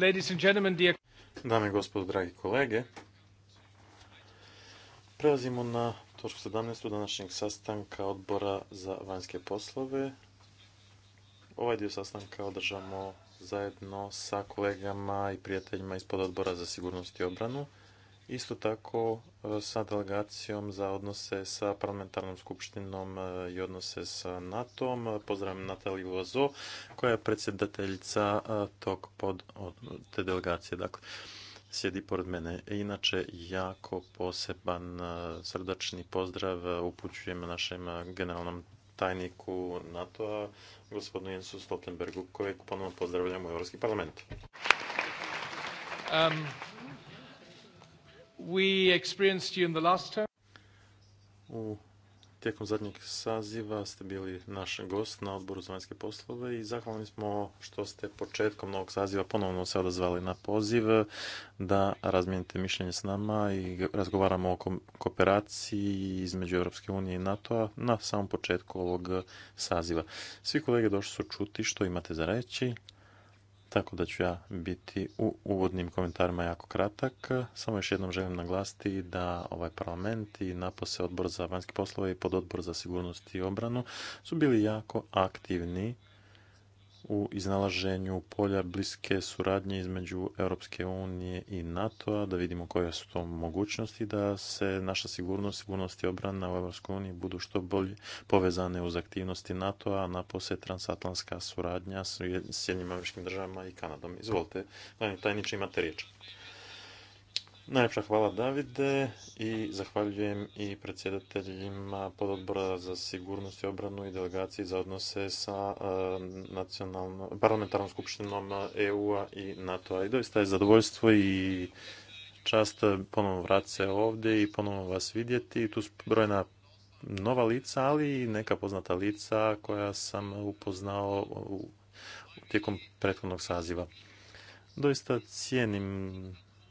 Ladies Dame i gospodo, dragi kolege, prelazimo na točku 17. današnjeg sastanka odbora za vanjske poslove. Ovaj dio sastanka održamo zajedno sa kolegama i prijateljima ispod odbora za sigurnost i obranu isto tako e, sa delegacijom za odnose sa parlamentarnom skupštinom e, i odnose sa NATO-om. E, pozdravim Nataliju Lozo, koja je predsjedateljica tog pod te delegacije. Dakle, sjedi pored mene. Inače, jako poseban srdačni pozdrav upućujem našem generalnom tajniku NATO-a, gospodinu Jensu Stoltenbergu, kojeg ponovno pozdravljamo u Europski parlament. We experienced you in the last term. U tijekom zadnjeg saziva ste bili naš gost na odboru za vanjske poslove i zahvalni smo što ste početkom novog saziva ponovno se odazvali na poziv da razmijenite mišljenje s nama i razgovaramo o kooperaciji između Europske unije i NATO-a na samom početku ovog saziva. Svi kolege došli su čuti što imate za reći tako da ću ja biti u uvodnim komentarima jako kratak. Samo još jednom želim naglasiti da ovaj parlament i napose odbor za vanjske poslove i pododbor za sigurnost i obranu su bili jako aktivni u iznalaženju polja bliske suradnje između Europske unije i NATO-a, da vidimo koje su to mogućnosti da se naša sigurnost, sigurnost i obrana u Europskoj uniji budu što bolje povezane uz aktivnosti NATO-a, a napose transatlantska suradnja s Sjednjim američkim državama i Kanadom. Izvolite, tajniče, imate riječ. Najljepša hvala Davide i zahvaljujem i predsjedateljima pododbora za sigurnost i obranu i delegaciji za odnose sa e, parlamentarnom skupštinom EU-a i NATO-a. I doista je zadovoljstvo i čast ponovno vrati se ovdje i ponovno vas vidjeti. Tu su brojna nova lica, ali i neka poznata lica koja sam upoznao tijekom prethodnog saziva. Doista cijenim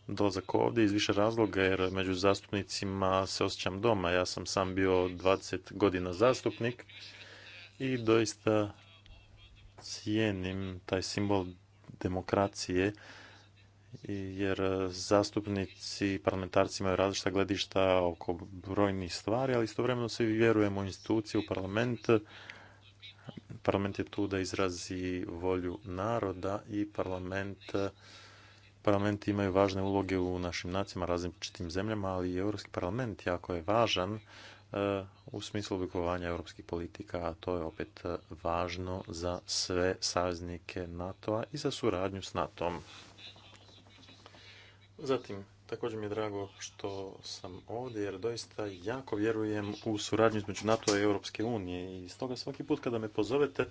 dolazak ovdje iz više razloga jer među zastupnicima se osjećam doma. Ja sam sam bio 20 godina zastupnik i doista cijenim taj simbol demokracije jer zastupnici i parlamentarci imaju različita gledišta oko brojnih stvari, ali istovremeno svi vjerujemo u instituciju, u parlament. Parlament je tu da izrazi volju naroda i parlament parlamenti imaju važne uloge u našim nacijama, različitim zemljama, ali i Europski parlament jako je važan e, u smislu oblikovanja europskih politika, a to je opet e, važno za sve saveznike NATO-a i za suradnju s NATO-om. Zatim, također mi je drago što sam ovdje, jer doista jako vjerujem u suradnju između NATO-a i Europske unije i stoga svaki put kada me pozovete,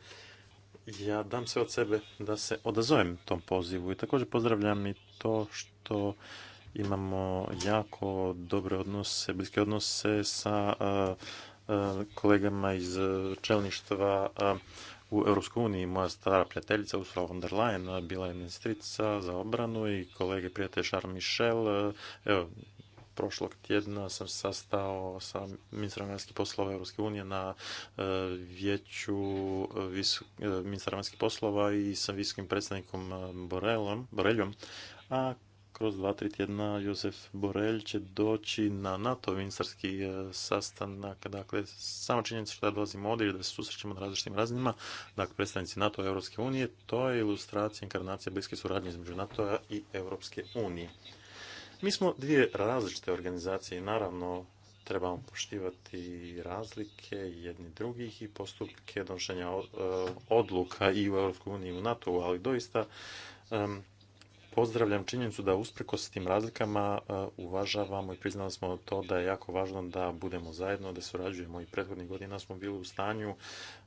ja dam sve od sebe da se odazovem tom pozivu i također pozdravljam i to što imamo jako dobre odnose, bliske odnose sa kolegama iz čelništva u EU. uniji. Moja stara prijateljica Ursula von der Leyen bila je ministrica za obranu i kolege prijatelj Charles Michel. Evo, prošlog tjedna sam sastao sa ministrom vanjskih poslova Europske unije na e, vijeću e, e, ministra vanjskih poslova i sa visokim predstavnikom Borelom, Boreljom, a kroz dva, tri tjedna Josef Borelj će doći na NATO ministarski sastanak. Dakle, samo činjenica što ja dolazim ovdje da se susrećemo na različitim razinima. dakle, predstavnici NATO i Europske unije, to je ilustracija inkarnacija bliske suradnje između NATO-a i Europske unije. Mi smo dvije različite organizacije i naravno trebamo poštivati razlike jedni drugih i postupke donošenja e, odluka i u EU i u NATO, ali doista pozdravljam činjenicu da usprkos tim razlikama e, uvažavamo i priznali smo to da je jako važno da budemo zajedno, da surađujemo i prethodnih godina smo bili u stanju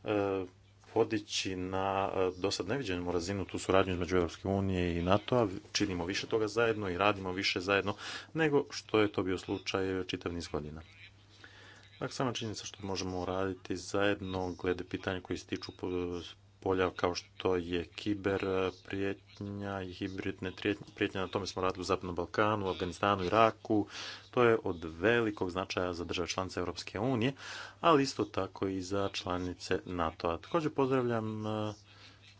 e, podići na e, dosad neviđenu razinu tu suradnju između Europske unije i NATO-a. Činimo više toga zajedno i radimo više zajedno nego što je to bio slučaj čitav niz godina. Dakle, sama činjenica što možemo raditi zajedno glede pitanja koji se tiču polja kao što je kiber e, prijetnja i hibridne prijetnje. Na tome smo radili u Zapadnom Balkanu, Afganistanu, Iraku. To je od velikog značaja za države članice Europske unije, ali isto tako i za članice NATO-a. Također pozdravljam e,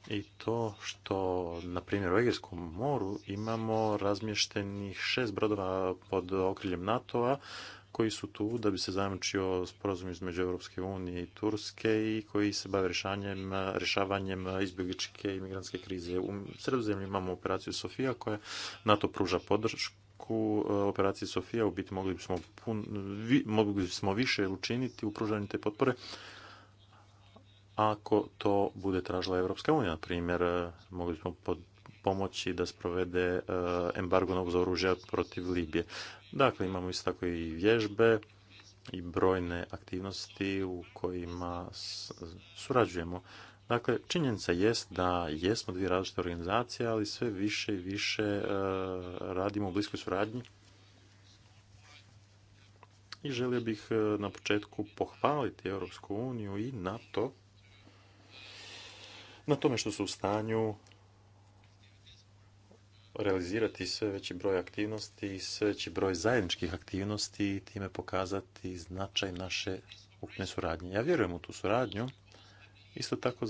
i to što, na primjer, u Egerskom moru imamo razmještenih šest brodova pod okriljem NATO-a, koji su tu da bi se zajamčio sporazum između Europske unije i Turske i koji se bave rješavanjem, rješavanjem izbjegličke i migrantske krize. U sredozemlju imamo operaciju Sofija koja NATO pruža podršku e, operaciji Sofija. U biti mogli bismo, pun, vi, mogli bismo više učiniti u pružanju te potpore ako to bude tražila Europska unija. Na primjer, e, mogli smo pod, pomoći da sprovede eh, embargo novog oružja protiv Libije. Dakle, imamo isto tako i vježbe i brojne aktivnosti u kojima surađujemo. Dakle, činjenica jest da jesmo dvije različite organizacije, ali sve više i više eh, radimo u bliskoj suradnji. I želio bih eh, na početku pohvaliti Europsku uniju i NATO na tome što su u stanju realizirati sve veći broj aktivnosti i sve veći broj zajedničkih aktivnosti i time pokazati značaj naše ukupne suradnje. Ja vjerujem u tu suradnju, isto tako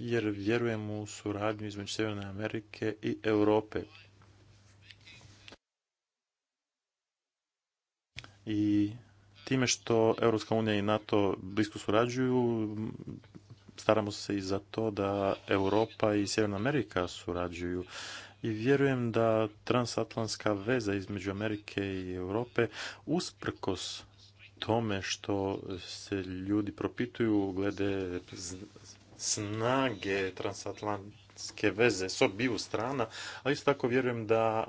jer vjerujem u suradnju između Sjeverne Amerike i Europe. I time što Europska unija i NATO blisko surađuju, staramo se i za to da Europa i Sjeverna Amerika surađuju i vjerujem da transatlantska veza između Amerike i Europe usprkos tome što se ljudi propituju glede snage transatlantske veze s obiju strana, ali isto tako vjerujem da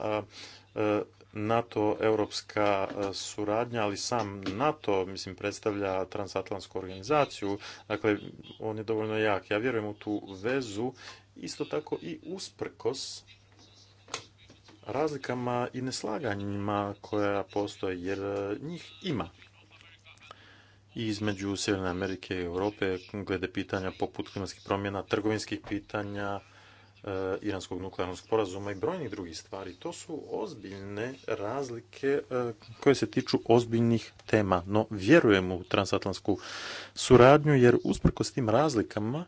e, NATO-europska e, suradnja, ali sam NATO, mislim, predstavlja transatlantsku organizaciju, dakle, on je dovoljno jak. Ja vjerujem u tu vezu, isto tako i usprkos razlikama i neslaganjima koja postoje, jer e, njih ima i između Sjeverne Amerike i Europe glede pitanja poput klimatskih promjena, trgovinskih pitanja, e, iranskog nuklearnog sporazuma i brojnih drugih stvari. To su ozbiljne razlike e, koje se tiču ozbiljnih tema, no vjerujem u transatlantsku suradnju jer usprkos tim razlikama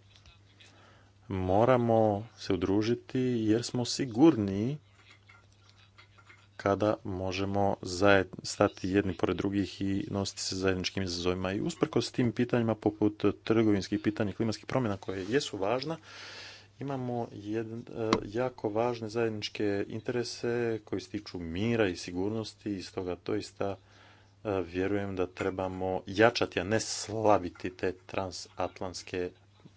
moramo se udružiti jer smo sigurniji kada možemo stati jedni pored drugih i nositi se zajedničkim izazovima. I s tim pitanjima poput trgovinskih pitanja i klimatskih promjena koje jesu važna, imamo eh, jako važne zajedničke interese koji se tiču mira i sigurnosti i stoga doista eh, vjerujem da trebamo jačati, a ne slabiti te transatlantske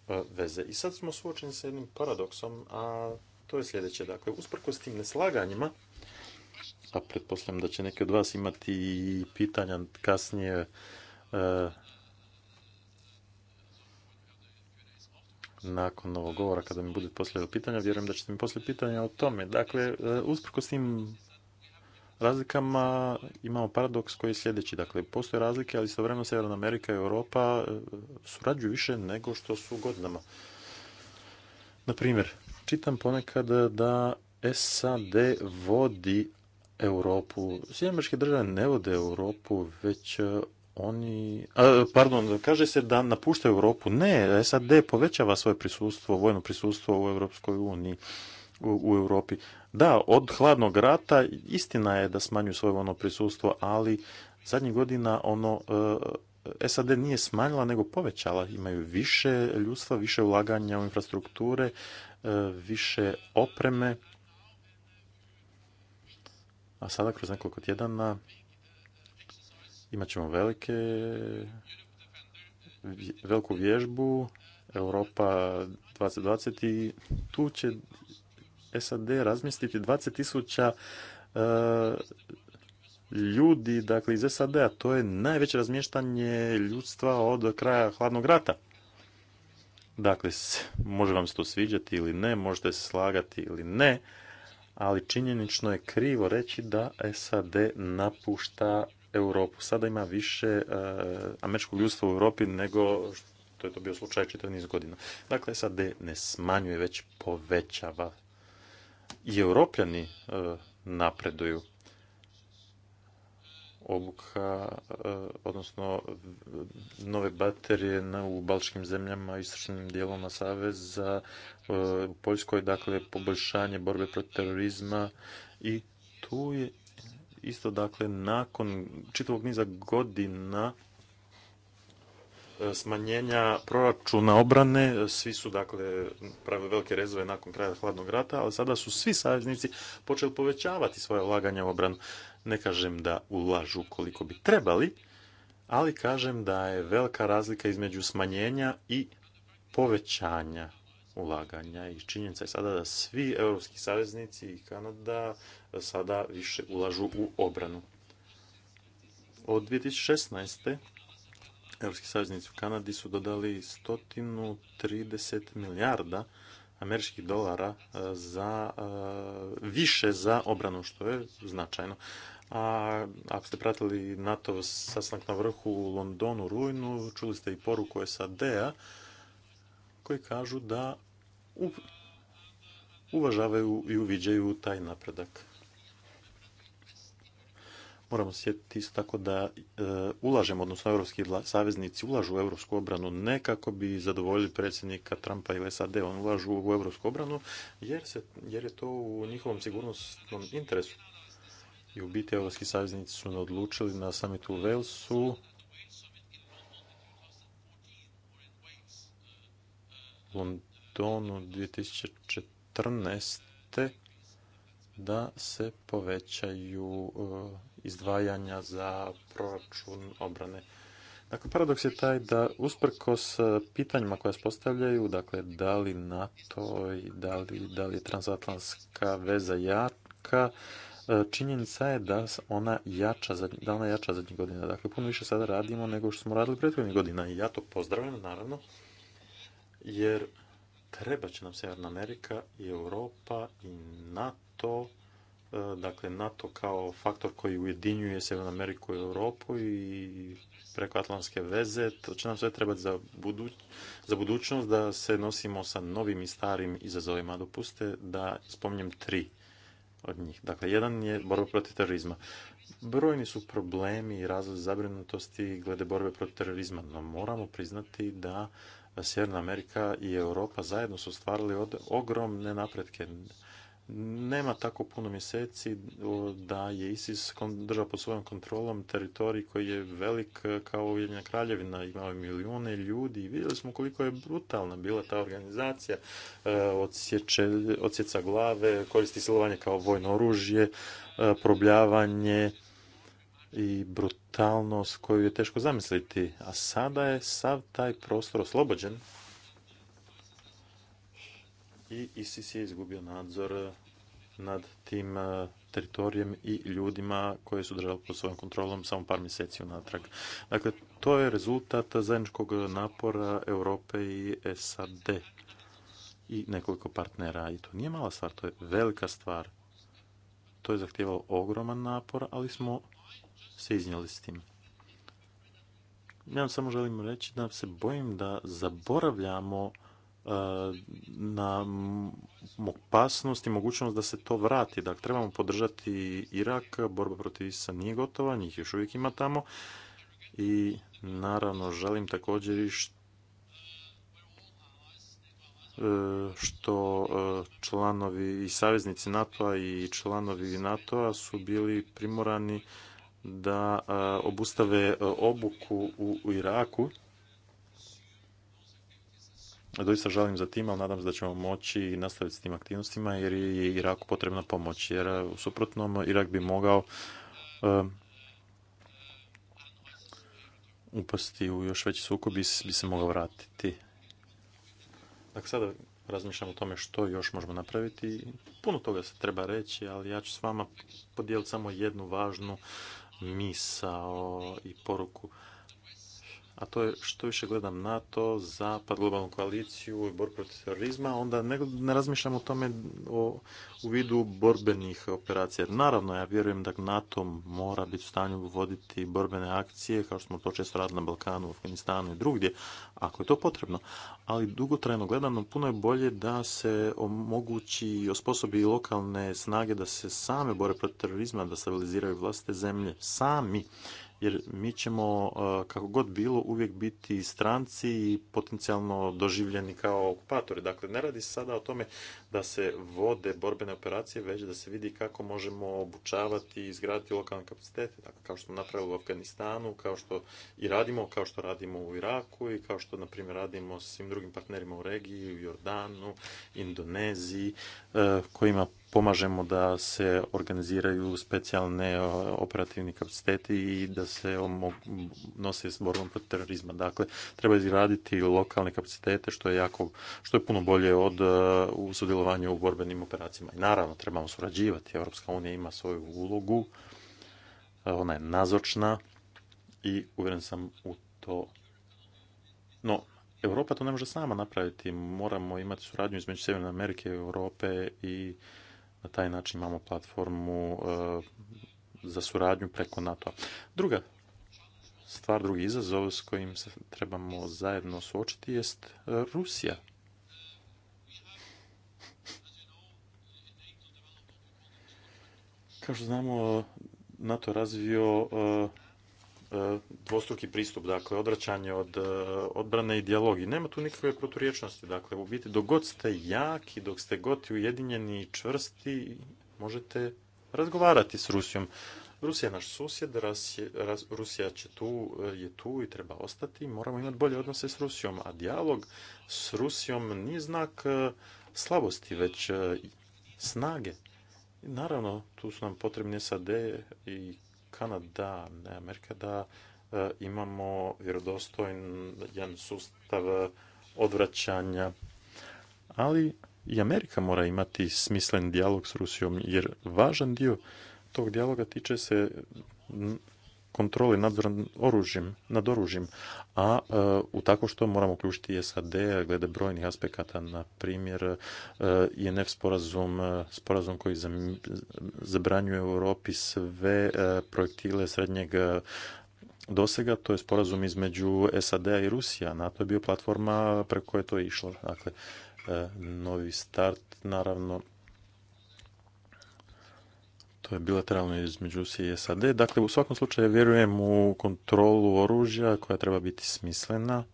eh, veze. I sad smo suočeni sa jednim paradoksom, a to je sljedeće. Dakle, usprkos tim neslaganjima, a pretpostavljam da će neki od vas imati i pitanja kasnije e, nakon ovog govora kada mi bude postavljali pitanja, vjerujem da ćete mi poslije pitanja o tome. Dakle, e, usprko s tim razlikama imamo paradoks koji je sljedeći. Dakle, postoje razlike, ali istovremeno Sjeverna Amerika i Europa e, surađuju više nego što su godinama. Naprimjer, čitam ponekad da SAD vodi Europu. Sjedinjene države ne vode Europu, već e, oni... A, pardon, kaže se da napuštaju Europu. Ne, SAD povećava svoje prisustvo, vojno prisustvo u Europskoj uniji, u, u Europi. Da, od hladnog rata istina je da smanjuju svoje vojno prisustvo, ali zadnjih godina ono... E, SAD nije smanjila, nego povećala. Imaju više ljudstva, više ulaganja u infrastrukture, e, više opreme a sada kroz nekoliko tjedana imat ćemo velike, veliku vježbu Europa 2020 i tu će SAD razmisliti 20.000 ljudi dakle, iz SAD-a. To je najveće razmještanje ljudstva od kraja hladnog rata. Dakle, može vam se to sviđati ili ne, možete se slagati ili ne, ali činjenično je krivo reći da SAD napušta Europu. Sada ima više e, američkog ljudstva u Europi nego što je to bio slučaj čitav niz godina. Dakle, SAD ne smanjuje, već povećava. I europljani e, napreduju obuka, e, odnosno nove baterije u balčkim zemljama, istočnim dijeloma Saveza, e, u Poljskoj, dakle, poboljšanje borbe protiv terorizma i tu je isto, dakle, nakon čitavog niza godina e, smanjenja proračuna obrane, svi su dakle pravili velike rezove nakon kraja hladnog rata, ali sada su svi saveznici počeli povećavati svoje ulaganje u obranu. Ne kažem da ulažu koliko bi trebali, ali kažem da je velika razlika između smanjenja i povećanja ulaganja i činjenica je sada da svi europski saveznici i Kanada sada više ulažu u obranu. Od 2016. Europski saveznici u Kanadi su dodali 130 milijarda američkih dolara za, više za obranu, što je značajno. A ako ste pratili NATO sastanak na vrhu u Londonu rujnu, čuli ste i poruku SAD-a koji kažu da uvažavaju i uviđaju taj napredak. Moramo sjetiti isto tako da e, ulažemo, odnosno evropski saveznici ulažu u europsku obranu ne kako bi zadovoljili predsjednika Trumpa ili SAD, on ulažu u europsku obranu jer, jer je to u njihovom sigurnosnom interesu. I u biti Europski saveznici su odlučili na samitu u Velsu Londonu 2014. da se povećaju e, izdvajanja za proračun obrane. Dakle, paradoks je taj da usprkos e, pitanjima koja se postavljaju, dakle, da li NATO i da li, da je transatlantska veza jaka, E, činjenica je da ona jača, da ona jača zadnjih godina. Dakle, puno više sada radimo nego što smo radili prethodnih godina i ja to pozdravljam, naravno, jer treba će nam Sjeverna Amerika i Europa i NATO, e, dakle NATO kao faktor koji ujedinjuje Sjevernu Ameriku i Europu i preko atlantske veze, to će nam sve trebati za, za budućnost da se nosimo sa novim i starim izazovima. dopuste da spominjem tri od njih. Dakle, jedan je borba protiv terorizma. Brojni su problemi i razlozi zabrinutosti glede borbe protiv terorizma, no moramo priznati da Sjeverna Amerika i Europa zajedno su ostvarili ogromne napretke nema tako puno mjeseci da je ISIS držao pod svojom kontrolom teritorij koji je velik e, kao Ujedinjena kraljevina, imao je milijune ljudi i vidjeli smo koliko je brutalna bila ta organizacija, e, odsječe, odsjeca glave, koristi silovanje kao vojno oružje, e, probljavanje i brutalnost koju je teško zamisliti. A sada je sav taj prostor oslobođen i ISIS je izgubio nadzor eh, nad tim eh, teritorijem i ljudima koje su držali pod svojom kontrolom samo par mjeseci unatrag. Dakle, to je rezultat zajedničkog napora Europe i SAD i nekoliko partnera. I to nije mala stvar, to je velika stvar. To je zahtjevalo ogroman napor, ali smo se iznijeli s tim. Ja vam samo želim reći da se bojim da zaboravljamo Eh, na opasnost i mogućnost da se to vrati. Dakle, trebamo podržati Irak, borba protiv ISA nije gotova, njih još uvijek ima tamo i naravno želim također eh, što eh, članovi i saveznici NATO-a i članovi NATO-a su bili primorani da obustave obuku u Iraku doista žalim za tim, ali nadam se da ćemo moći nastaviti s tim aktivnostima jer je Iraku potrebna pomoć. Jer e, u suprotnom Irak bi mogao e, upasti u još veći sukob i bi se mogao vratiti. Dakle, sada razmišljam o tome što još možemo napraviti. Puno toga se treba reći, ali ja ću s vama podijeliti samo jednu važnu misao i poruku a to je što više gledam NATO, Zapad, globalnu koaliciju i borbu protiv terorizma, onda ne, ne razmišljam o tome o, u vidu borbenih operacija. Naravno, ja vjerujem da NATO mora biti u stanju voditi borbene akcije, kao što smo to često radili na Balkanu, Afganistanu i drugdje, ako je to potrebno. Ali dugotrajno gledano, puno je bolje da se omogući i osposobi lokalne snage da se same bore protiv terorizma, da stabiliziraju vlastite zemlje sami jer mi ćemo e, kako god bilo uvijek biti stranci i potencijalno doživljeni kao okupatori. Dakle, ne radi se sada o tome da se vode borbene operacije, već da se vidi kako možemo obučavati i izgraditi lokalne kapacitete, dakle, kao što napravili u Afganistanu, kao što i radimo, kao što radimo u Iraku i kao što, na primjer, radimo s svim drugim partnerima u regiji, u Jordanu, Indoneziji, e, kojima pomažemo da se organiziraju specijalne e, operativni kapaciteti i da se nose s borbom protiv terorizma. Dakle, treba izgraditi lokalne kapacitete, što je jako, što je puno bolje od e, usudilo u borbenim operacijama. I naravno, trebamo surađivati. Europska unija ima svoju ulogu, e, ona je nazočna i uvjeren sam u to. No, Europa to ne može sama napraviti. Moramo imati suradnju između Sjeverne Amerike, i Europe i na taj način imamo platformu e, za suradnju preko NATO-a. Druga stvar, drugi izazov s kojim se trebamo zajedno suočiti jest e, Rusija. Kao što znamo, NATO razvio e, e, dvostruki pristup, dakle, odračanje od e, odbrane i i Nema tu nikakve proturječnosti, dakle, u biti, dok god ste jaki, dok ste god ujedinjeni i čvrsti, možete razgovarati s Rusijom. Rusija je naš susjed, Rusija će tu, je tu i treba ostati. Moramo imati bolje odnose s Rusijom, a dijalog s Rusijom nije znak slabosti, već snage. Naravno, tu su nam potrebne SAD i Kanada, ne Amerika, da e, imamo vjerodostojan sustav odvraćanja. Ali i Amerika mora imati smislen dijalog s Rusijom, jer važan dio tog dijaloga tiče se kontroli nadzor oružjem, nad oružjem, a e, u tako što moramo uključiti SAD glede brojnih aspekata, na primjer e, INF sporazum, e, sporazum koji zabranjuje u Europi sve e, projektile srednjeg dosega, to je sporazum između sad i Rusija. NATO je bio platforma preko koje to išlo. Dakle, novi start, naravno, to je bilateralno između Rusije i SAD. Dakle, u svakom slučaju vjerujem u kontrolu oružja koja treba biti smislena.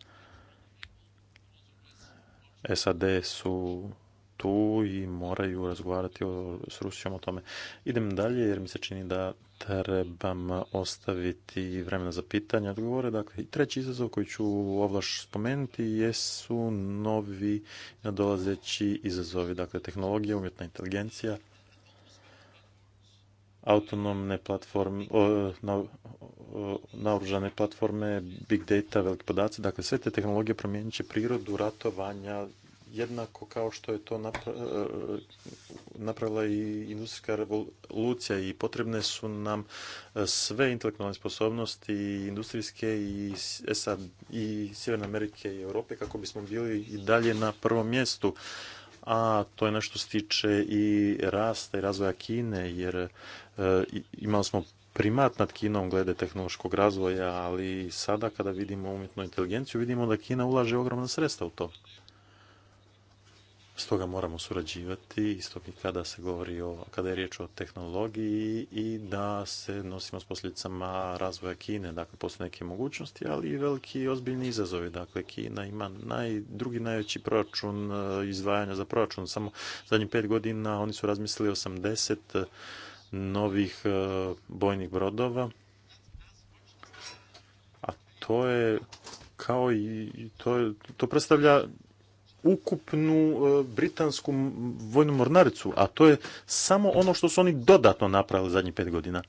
SAD su tu i moraju razgovarati s Rusijom o tome. Idem dalje jer mi se čini da trebam ostaviti vremena za pitanja odgovore. Dakle, treći izazov koji ću ovlaš spomenuti jesu novi nadolazeći izazovi. Dakle, tehnologija, umjetna inteligencija, autonomne platforme, naoružane platforme, big data, veliki podaci. Dakle, sve te tehnologije promijenit će prirodu ratovanja jednako kao što je to e, napravila i industrijska revolucija i potrebne su nam e, sve intelektualne sposobnosti industrijske i e, SAD i Sjeverne Amerike i Europe kako bismo bili i dalje na prvom mjestu. A to je nešto se tiče i rasta i razvoja Kine jer E, imali smo primat nad Kinom glede tehnološkog razvoja, ali sada kada vidimo umjetnu inteligenciju, vidimo da Kina ulaže ogromna sredstva u to. Stoga moramo surađivati, isto kada se govori o, kada je riječ o tehnologiji i da se nosimo s posljedicama razvoja Kine. Dakle, postoje neke mogućnosti, ali i veliki ozbiljni izazovi. Dakle, Kina ima naj, drugi najveći proračun e, izdvajanja za proračun. Samo zadnjih pet godina oni su razmislili 80 novih e, bojnih brodova, a to je kao i to, je, to predstavlja ukupnu e, britansku vojnu mornaricu, a to je samo ono što su oni dodatno napravili zadnjih pet godina.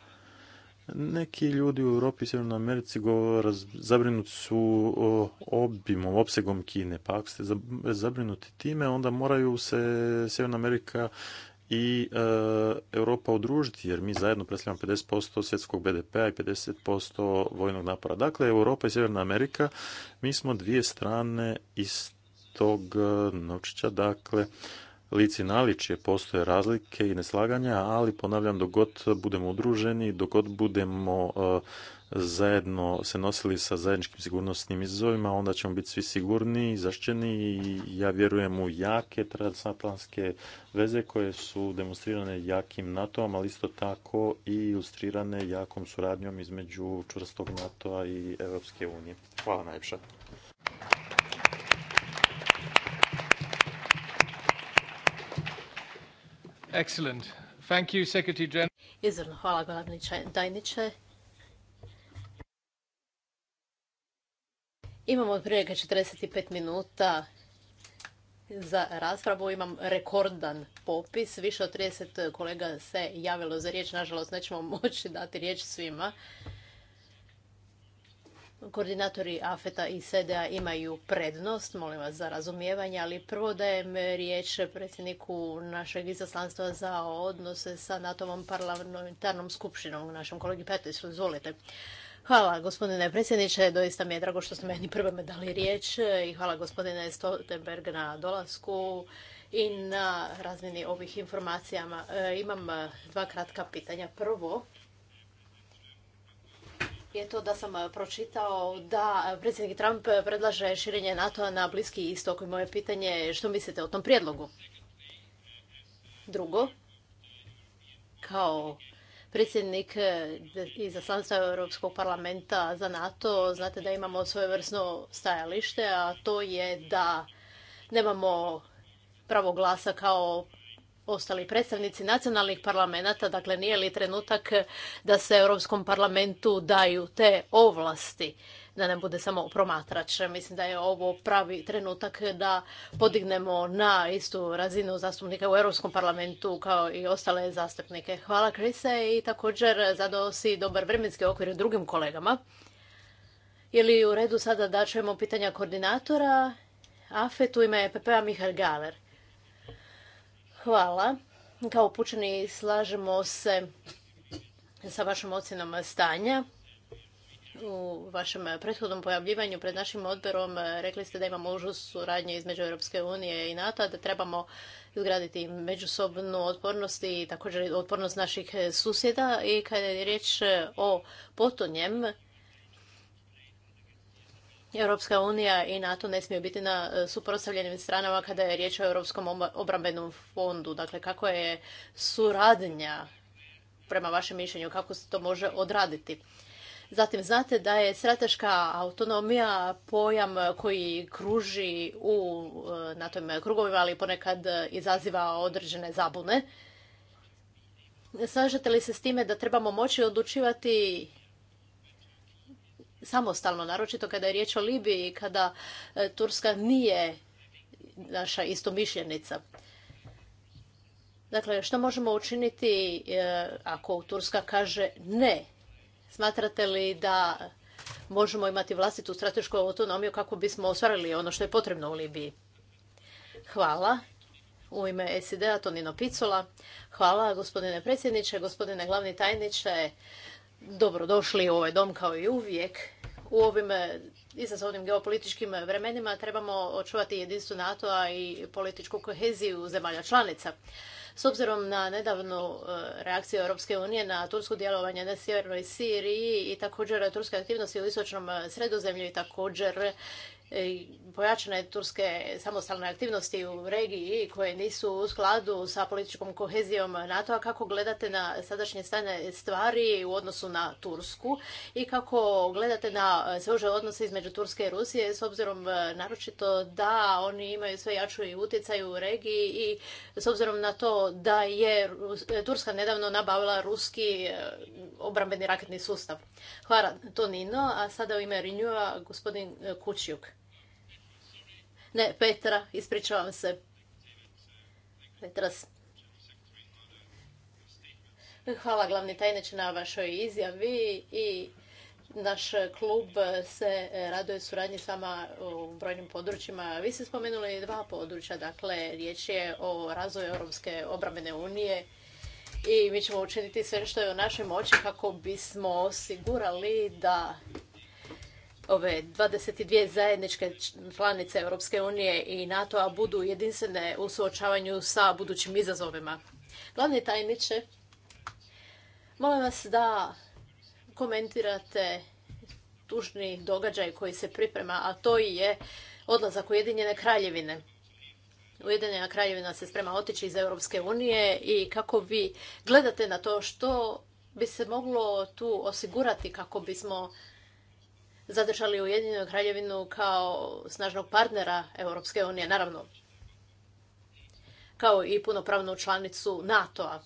Neki ljudi u Europi i Sjevernoj Americi govore, zabrinuti su obimom, opsegom Kine. Pa ako ste zabrinuti time, onda moraju se Sjeverna Amerika i e, Europa udružiti, jer mi zajedno predstavljamo 50% svjetskog BDP-a i 50% vojnog napora. Dakle, Europa i Sjeverna Amerika, mi smo dvije strane iz tog e, novčića, dakle, lici naličije, postoje razlike i neslaganja, ali ponavljam, dok god budemo udruženi, dok god budemo e, zajedno se nosili sa zajedničkim sigurnosnim izazovima, onda ćemo biti svi sigurni i zaštićeni i ja vjerujem u jake transatlantske veze koje su demonstrirane jakim NATO-om, ali isto tako i ilustrirane jakom suradnjom između čvrstog NATO-a i Europske unije. Hvala Excellent. Thank you, Secretary General. Izvrno hvala, glavni tajniče. Imamo otprilike 45 minuta za raspravu. Imam rekordan popis. Više od 30 kolega se javilo za riječ. Nažalost, nećemo moći dati riječ svima. Koordinatori AFETA i SEDA imaju prednost, molim vas za razumijevanje, ali prvo dajem riječ predsjedniku našeg izaslanstva za odnose sa NATO-vom parlamentarnom skupštinom, našem kolegi Petisu. Izvolite. Hvala gospodine predsjedniče, doista mi je drago što ste meni prvo dali riječ i hvala gospodine Stoltenberg na dolasku i na razmjeni ovih informacijama. E, imam e, dva kratka pitanja. Prvo, je to da sam e, pročitao da predsjednik Trump predlaže širenje NATO-a na Bliski istok i moje pitanje je što mislite o tom prijedlogu? Drugo, kao predsjednik eh, izaslanstva Europskog parlamenta za NATO, znate da imamo svojevrsno stajalište, a to je da nemamo pravo glasa kao ostali predstavnici nacionalnih parlamenta, dakle nije li trenutak da se Europskom parlamentu daju te ovlasti da ne bude samo promatrač. Mislim da je ovo pravi trenutak da podignemo na istu razinu zastupnika u Europskom parlamentu kao i ostale zastupnike. Hvala Krise i također zadosi dobar vremenski okvir drugim kolegama. Je li u redu sada da čujemo pitanja koordinatora? Afet u ime EPP-a Mihael Galer. Hvala. Kao upućeni slažemo se sa vašom ocjenom stanja u vašem prethodnom pojavljivanju pred našim odborom eh, rekli ste da imamo užu suradnje između Europske unije i NATO, da trebamo izgraditi međusobnu otpornost i također otpornost naših eh, susjeda i kada je riječ eh, o potonjem Europska unija i NATO ne smiju biti na suprotstavljenim stranama kada je riječ o Europskom obrambenom fondu. Dakle, kako je suradnja prema vašem mišljenju, kako se to može odraditi? Zatim znate da je strateška autonomija pojam koji kruži u, e, na tom krugovima, ali ponekad izaziva određene zabune. Slažete li se s time da trebamo moći odlučivati samostalno, naročito kada je riječ o Libiji, kada e, Turska nije naša istomišljenica? Dakle, što možemo učiniti e, ako Turska kaže ne Smatrate li da možemo imati vlastitu stratešku autonomiju kako bismo ostvarili ono što je potrebno u Libiji? Hvala. U ime SID-a Tonino Picola. Hvala gospodine predsjedniče, gospodine glavni tajniče. Dobrodošli u ovaj dom kao i uvijek. U ovim izazovnim geopolitičkim vremenima trebamo očuvati jedinstvo NATO-a i političku koheziju zemalja članica. S obzirom na nedavnu e, reakciju Europske unije na tursko djelovanje na sjevernoj Siriji i također turske aktivnosti u istočnom e, sredozemlju i također E, pojačane turske samostalne aktivnosti u regiji koje nisu u skladu sa političkom kohezijom NATO-a, kako gledate na sadašnje stane stvari u odnosu na Tursku i kako gledate na sveuže odnose između Turske i Rusije s obzirom e, naročito da oni imaju sve jaču i utjecaj u regiji i s obzirom na to da je e, Turska nedavno nabavila ruski obrambeni raketni sustav. Hvala Tonino, a sada u ime gospodin Kučjuk. Ne, Petra, ispričavam se. Petras. Hvala glavni tajniče na vašoj izjavi i naš klub se raduje suradnji s vama u brojnim područjima. Vi ste spomenuli dva područja, dakle riječ je o razvoju Europske obrambene unije i mi ćemo učiniti sve što je u našoj moći kako bismo osigurali da ove 22 zajedničke članice Europske unije i NATO-a budu jedinstvene u suočavanju sa budućim izazovima. Glavni tajniče, molim vas da komentirate tužni događaj koji se priprema, a to je odlazak Ujedinjene kraljevine. Ujedinjena kraljevina se sprema otići iz Europske unije i kako vi gledate na to što bi se moglo tu osigurati kako bismo zadržali Ujedinjenu kraljevinu kao snažnog partnera Europske unije, naravno kao i punopravnu članicu NATO-a.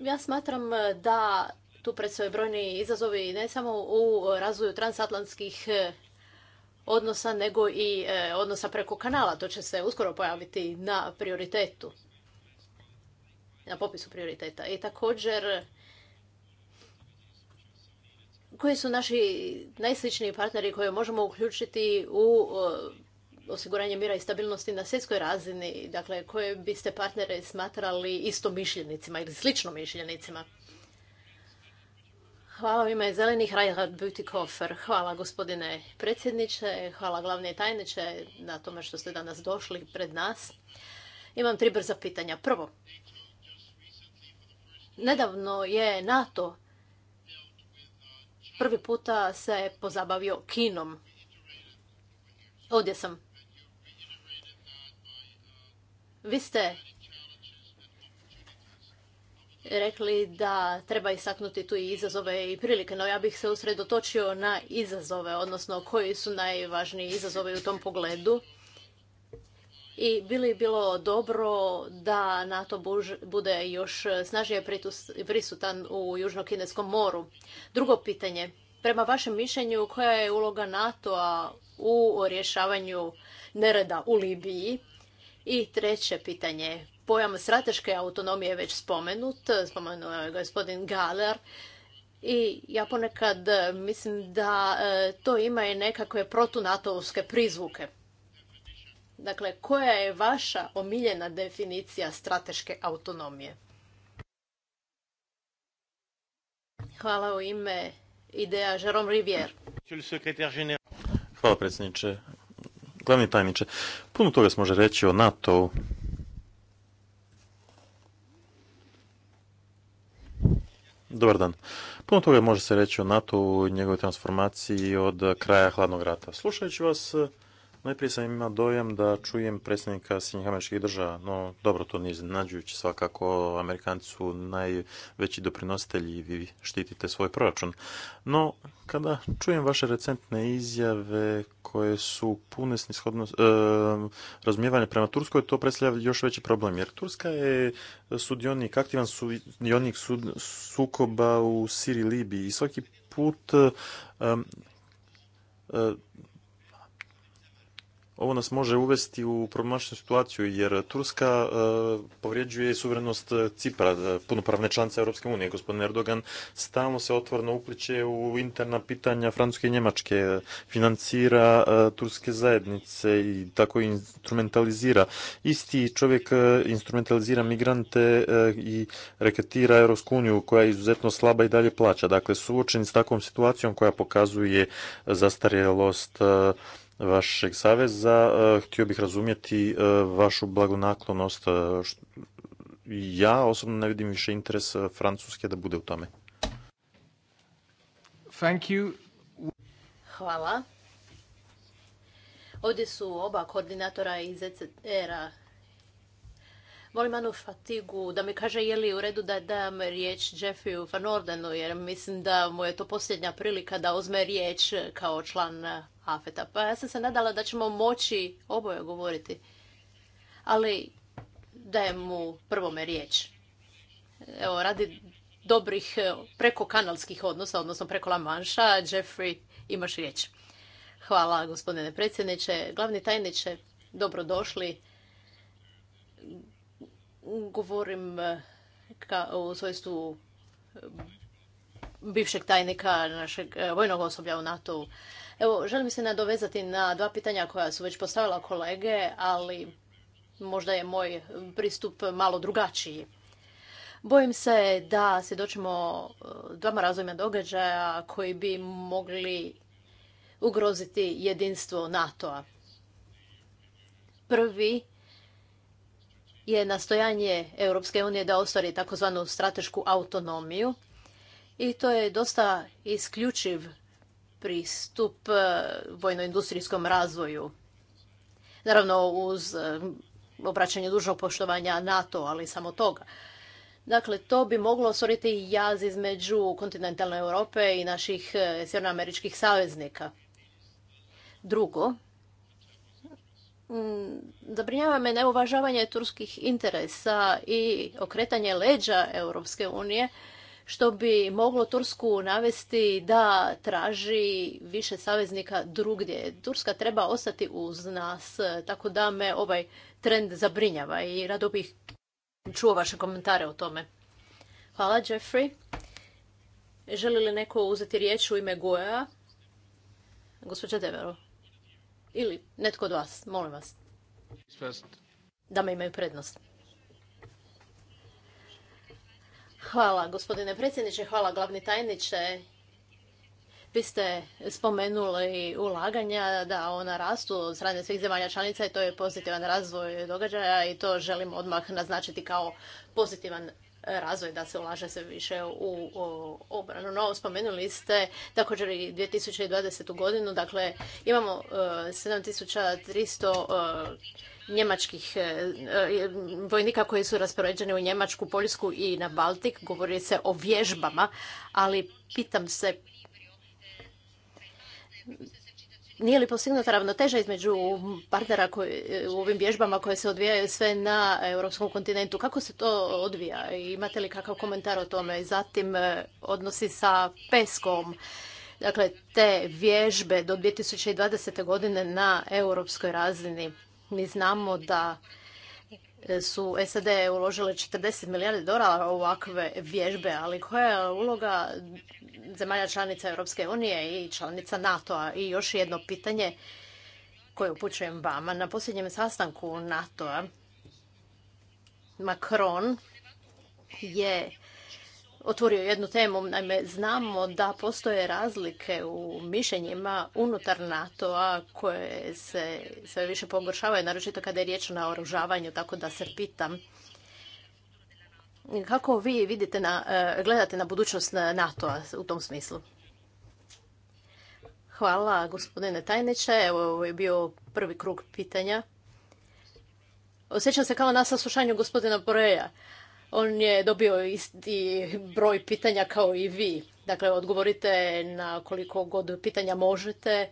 Ja smatram da tu predstoje brojni izazovi ne samo u razvoju transatlantskih e, odnosa, nego i e, odnosa preko kanala. To će se uskoro pojaviti na prioritetu, na popisu prioriteta. I također koji su naši najsličniji partneri koje možemo uključiti u osiguranje mira i stabilnosti na svjetskoj razini, dakle koje biste partnere smatrali istomišljenicima ili slično mišljenicima? Hvala u ime zelenih Reinhard Butikofer. Hvala gospodine predsjedniče, hvala glavne tajniče na tome što ste danas došli pred nas. Imam tri brza pitanja. Prvo, nedavno je NATO prvi puta se pozabavio kinom. Ovdje sam. Vi ste rekli da treba istaknuti tu i izazove i prilike, no ja bih se usredotočio na izazove, odnosno koji su najvažniji izazovi u tom pogledu i bi li bilo dobro da NATO bude još snažnije prisutan u Južno-Kineskom moru? Drugo pitanje. Prema vašem mišljenju, koja je uloga NATO-a u rješavanju nereda u Libiji? I treće pitanje. Pojam strateške autonomije je već spomenut, spomenuo je gospodin Galer. I ja ponekad mislim da e, to ima i nekakve protunatovske prizvuke. Dakle, koja je vaša omiljena definicija strateške autonomije? Hvala u ime ideja Jerome Rivière. Hvala predsjedniče. Glavni tajniče, puno toga se može reći o NATO. -u. Dobar dan. Puno toga može se reći o NATO i njegovoj transformaciji od kraja hladnog rata. Slušajući vas, Najprije sam imao dojam da čujem predsjednika Sjednjih američkih država, no dobro, to nije iznenađujuće svakako. Amerikanci su najveći doprinositelji i vi štitite svoj proračun. No, kada čujem vaše recentne izjave koje su pune snishodno e, prema Turskoj, to predstavlja još veći problem, jer Turska je sudionik, aktivan sudionik sukoba u Siriji, Libiji i svaki put e, e, ovo nas može uvesti u problemačnu situaciju jer Turska e, povrijeđuje suverenost e, Cipra, e, punopravne članice Europske unije. Gospodin Erdogan stalno se otvorno upliče u interna pitanja Francuske i Njemačke, financira turske zajednice i tako instrumentalizira. Isti čovjek instrumentalizira migrante i reketira Europsku uniju koja je izuzetno slaba i dalje plaća. Dakle, suočeni s takvom situacijom koja pokazuje zastarjelost vašeg saveza, e, htio bih razumjeti e, vašu blagonaklonost. E, ja osobno ne vidim više interes Francuske da bude u tome. Hvala. Ovdje su oba koordinatora iz ECR-a. Molim Anu Fatigu da mi kaže je li u redu da dam riječ Jeffu Van Ordenu, jer mislim da mu je to posljednja prilika da uzme riječ kao član afeta. Pa ja sam se nadala da ćemo moći oboje govoriti. Ali dajem mu prvome riječ. Evo, radi dobrih e, preko kanalskih odnosa, odnosno preko La Manša, Jeffrey, imaš riječ. Hvala, gospodine predsjedniče. Glavni tajniče, dobrodošli. Govorim e, u svojstvu e, bivšeg tajnika našeg vojnog osoblja u NATO-u. Evo, želim se nadovezati na dva pitanja koja su već postavila kolege, ali možda je moj pristup malo drugačiji. Bojim se da svjedočimo e, dvama razvojima događaja koji bi mogli ugroziti jedinstvo NATO-a. Prvi je nastojanje Europske unije da ostvari takozvanu stratešku autonomiju i to je dosta isključiv pristup e, vojno-industrijskom razvoju. Naravno uz e, obraćanje dužnog poštovanja NATO, ali samo toga. Dakle, to bi moglo i jaz između kontinentalne Europe i naših e, sjevernoameričkih saveznika. Drugo, zabrinjava me neuvažavanje turskih interesa i okretanje leđa Europske unije što bi moglo Tursku navesti da traži više saveznika drugdje. Turska treba ostati uz nas, tako da me ovaj trend zabrinjava i rado bih čuo vaše komentare o tome. Hvala, Jeffrey. Želi li neko uzeti riječ u ime Goja? Gospođa Devero. Ili netko od vas, molim vas. Da me imaju prednost. Hvala gospodine predsjedniče, hvala glavni tajniče. Vi ste spomenuli ulaganja, da ona rastu od strane svih zemalja članica i to je pozitivan razvoj događaja i to želim odmah naznačiti kao pozitivan razvoj da se ulaže sve više u obranu. No, spomenuli ste također i 2020. godinu, dakle imamo 7300 e, njemačkih e, e, vojnika koji su raspoređeni u Njemačku, Poljsku i na Baltik. Govori se o vježbama, ali pitam se nije li postignuta ravnoteža između partnera koji, e, u ovim vježbama koje se odvijaju sve na europskom kontinentu? Kako se to odvija? Imate li kakav komentar o tome? Zatim odnosi sa Peskom. Dakle, te vježbe do 2020. godine na europskoj razini. Mi znamo da su SAD uložile 40 milijardi dolara u ovakve vježbe, ali koja je uloga zemalja članica Europske unije i članica NATO-a? I još jedno pitanje koje upućujem vama. Na posljednjem sastanku NATO-a Macron je otvorio jednu temu. Naime, znamo da postoje razlike u mišljenjima unutar NATO-a koje se sve više pogoršavaju, naročito kada je riječ o naoružavanju, tako da se pitam kako vi vidite na, e, gledate na budućnost NATO-a u tom smislu? Hvala gospodine tajniče. Evo je bio prvi krug pitanja. Osjećam se kao na saslušanju gospodina Boreja. On je dobio isti broj pitanja kao i vi. Dakle, odgovorite na koliko god pitanja možete,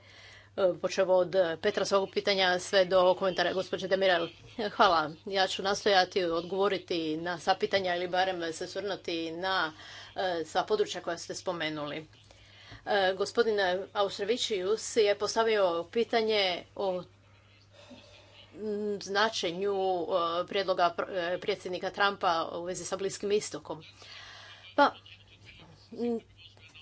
počevo od Petra svog pitanja sve do komentara gospođe Demirel. Hvala. Ja ću nastojati odgovoriti na sva pitanja ili barem se svrnuti na e, sva područja koja ste spomenuli. E, gospodin Austrevićius je postavio pitanje o značenju e, prijedloga e, predsjednika Trumpa u vezi sa Bliskim istokom? Pa,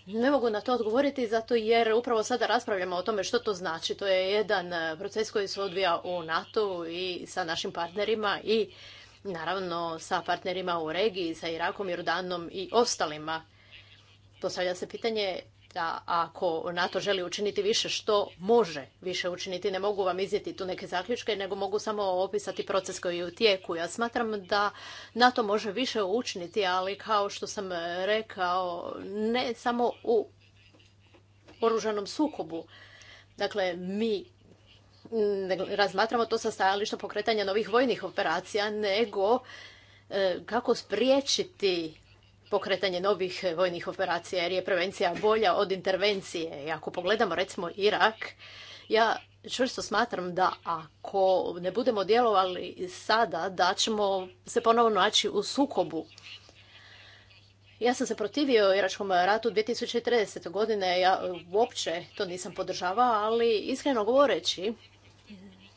ne mogu na to odgovoriti zato jer upravo sada raspravljamo o tome što to znači. To je jedan e, proces koji se odvija u NATO i sa našim partnerima i naravno sa partnerima u regiji, sa Irakom, Jordanom i ostalima. Postavlja se pitanje da ako NATO želi učiniti više što može više učiniti, ne mogu vam iznijeti tu neke zaključke, nego mogu samo opisati proces koji je u tijeku. Ja smatram da NATO može više učiniti, ali kao što sam rekao, ne samo u oružanom sukobu. Dakle, mi razmatramo to sa stajališta pokretanja novih vojnih operacija, nego e, kako spriječiti pokretanje novih vojnih operacija jer je prevencija bolja od intervencije. I ako pogledamo recimo Irak, ja čvrsto smatram da ako ne budemo djelovali sada, da ćemo se ponovno naći u sukobu. Ja sam se protivio Iračkom ratu 2030. godine, ja uopće to nisam podržavao, ali iskreno govoreći,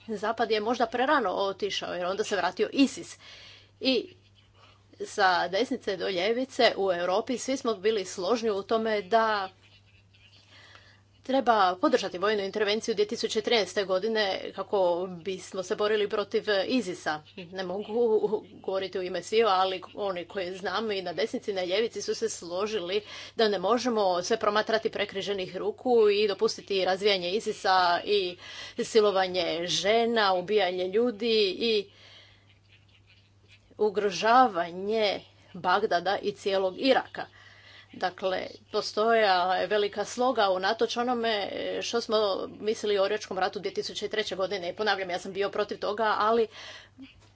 Zapad je možda prerano otišao jer onda se vratio ISIS. I sa desnice do ljevice u Europi svi smo bili složni u tome da treba podržati vojnu intervenciju 2013. godine kako bismo se borili protiv Izisa. Ne mogu govoriti u ime svih, ali oni koje znamo i na desnici i na ljevici su se složili da ne možemo sve promatrati prekriženih ruku i dopustiti razvijanje Izisa i silovanje žena, ubijanje ljudi i ugrožavanje Bagdada i cijelog Iraka. Dakle, postoja velika sloga unatoč onome eh, što smo mislili o rječkom ratu 2003. godine. I ponavljam, ja sam bio protiv toga, ali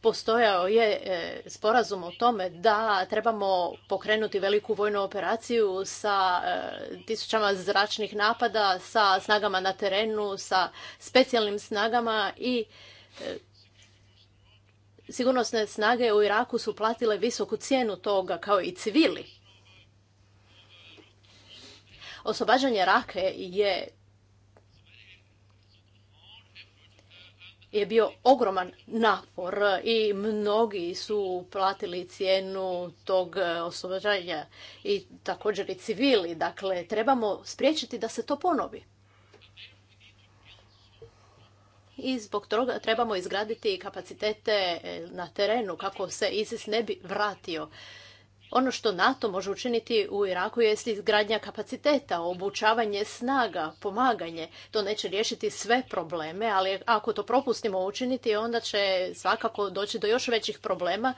postojao je eh, sporazum o tome da trebamo pokrenuti veliku vojnu operaciju sa eh, tisućama zračnih napada, sa snagama na terenu, sa specijalnim snagama i sigurnosne snage u Iraku su platile visoku cijenu toga kao i civili. Oslobađanje Rake je je bio ogroman napor i mnogi su platili cijenu tog e, oslobađanja i također i civili. Dakle, trebamo spriječiti da se to ponovi i zbog toga trebamo izgraditi kapacitete e, na terenu kako se ISIS ne bi vratio. Ono što NATO može učiniti u Iraku jest izgradnja kapaciteta, obučavanje snaga, pomaganje. To neće riješiti sve probleme, ali ako to propustimo učiniti, onda će svakako doći do još većih problema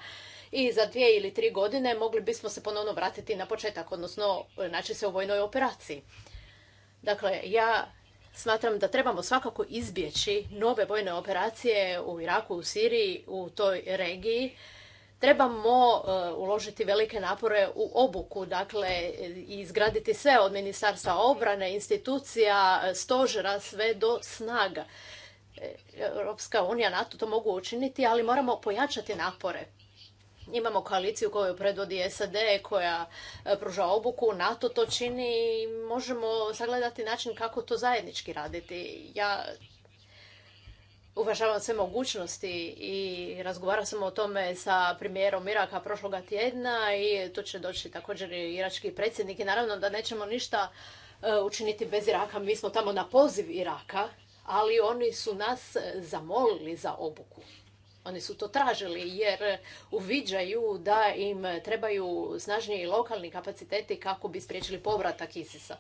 i za dvije ili tri godine mogli bismo se ponovno vratiti na početak, odnosno e, naći se u vojnoj operaciji. Dakle, ja smatram da trebamo svakako izbjeći nove vojne operacije u Iraku, u Siriji, u toj regiji. Trebamo e, uložiti velike napore u obuku, dakle i izgraditi sve od ministarstva obrane, institucija, stožera, sve do snaga. E, Europska unija, NATO to mogu učiniti, ali moramo pojačati napore. Imamo koaliciju koju predvodi SAD koja e, pruža obuku, NATO to čini i možemo sagledati način kako to zajednički raditi. Ja uvažavam sve mogućnosti i razgovarao sam o tome sa premijerom Iraka prošloga tjedna i tu će doći također i irački predsjednik i naravno da nećemo ništa e, učiniti bez Iraka. Mi smo tamo na poziv Iraka, ali oni su nas e, zamolili za obuku. Oni su to tražili jer uviđaju da im trebaju snažniji lokalni kapaciteti kako bi spriječili povratak isis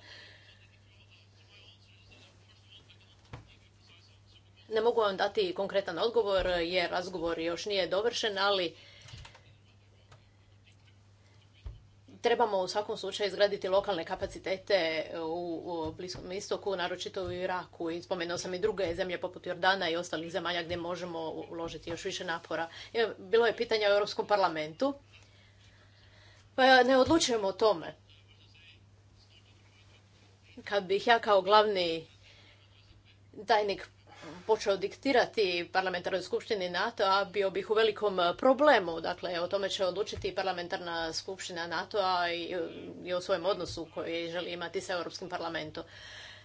Ne mogu vam dati konkretan odgovor jer razgovor još nije dovršen, ali trebamo u svakom slučaju izgraditi lokalne kapacitete u Bliskom istoku, naročito u Iraku. I spomenuo sam i druge zemlje poput Jordana i ostalih zemalja gdje možemo uložiti još više napora. Bilo je pitanje o Europskom parlamentu. Pa ne odlučujemo o tome. Kad bih ja kao glavni tajnik počeo diktirati parlamentarnoj skupštini NATO-a, bio bih u velikom e, problemu. Dakle, o tome će odlučiti parlamentarna skupština NATO-a i, i o svojem odnosu koji želi imati sa Europskim parlamentom.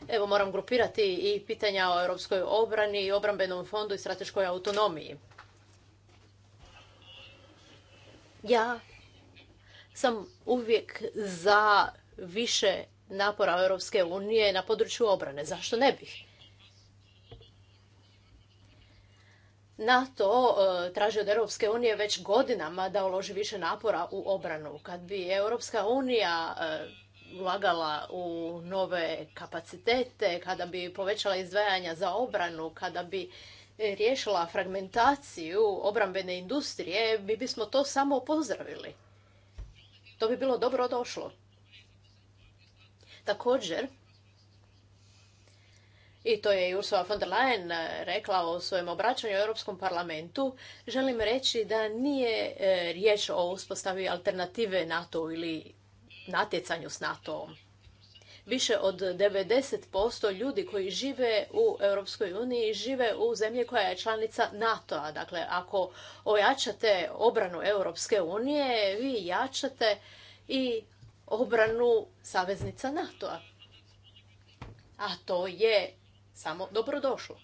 Evo, moram grupirati i pitanja o europskoj obrani, i obrambenom fondu i strateškoj autonomiji. Ja sam uvijek za više napora Europske unije na području obrane. Zašto ne bih? NATO e, traži od Europske unije već godinama da uloži više napora u obranu. Kad bi Europska unija e, ulagala u nove kapacitete, kada bi povećala izdvajanja za obranu, kada bi riješila fragmentaciju obrambene industrije, mi bismo to samo pozdravili. To bi bilo dobro došlo. Također, i to je i Ursula von der Leyen eh, rekla o svojem obraćanju u Europskom parlamentu, želim reći da nije eh, riječ o uspostavi alternative NATO ili natjecanju s NATO-om. Više od 90% ljudi koji žive u Europskoj uniji žive u zemlji koja je članica NATO-a. Dakle, ako ojačate obranu Europske unije, vi jačate i obranu saveznica NATO-a. A to je samo dobrodošlo.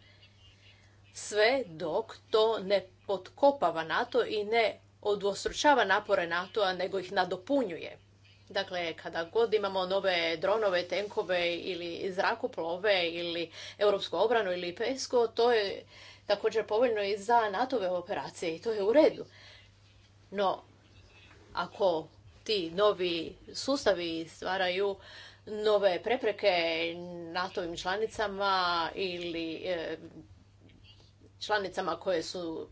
Sve dok to ne potkopava NATO i ne odvostručava napore NATO-a, nego ih nadopunjuje. Dakle, kada god imamo nove dronove, tenkove ili zrakoplove ili europsku obranu ili pesko, to je također povoljno i za NATO-ve operacije i to je u redu. No, ako ti novi sustavi stvaraju nove prepreke NATO-vim članicama ili e, članicama koje su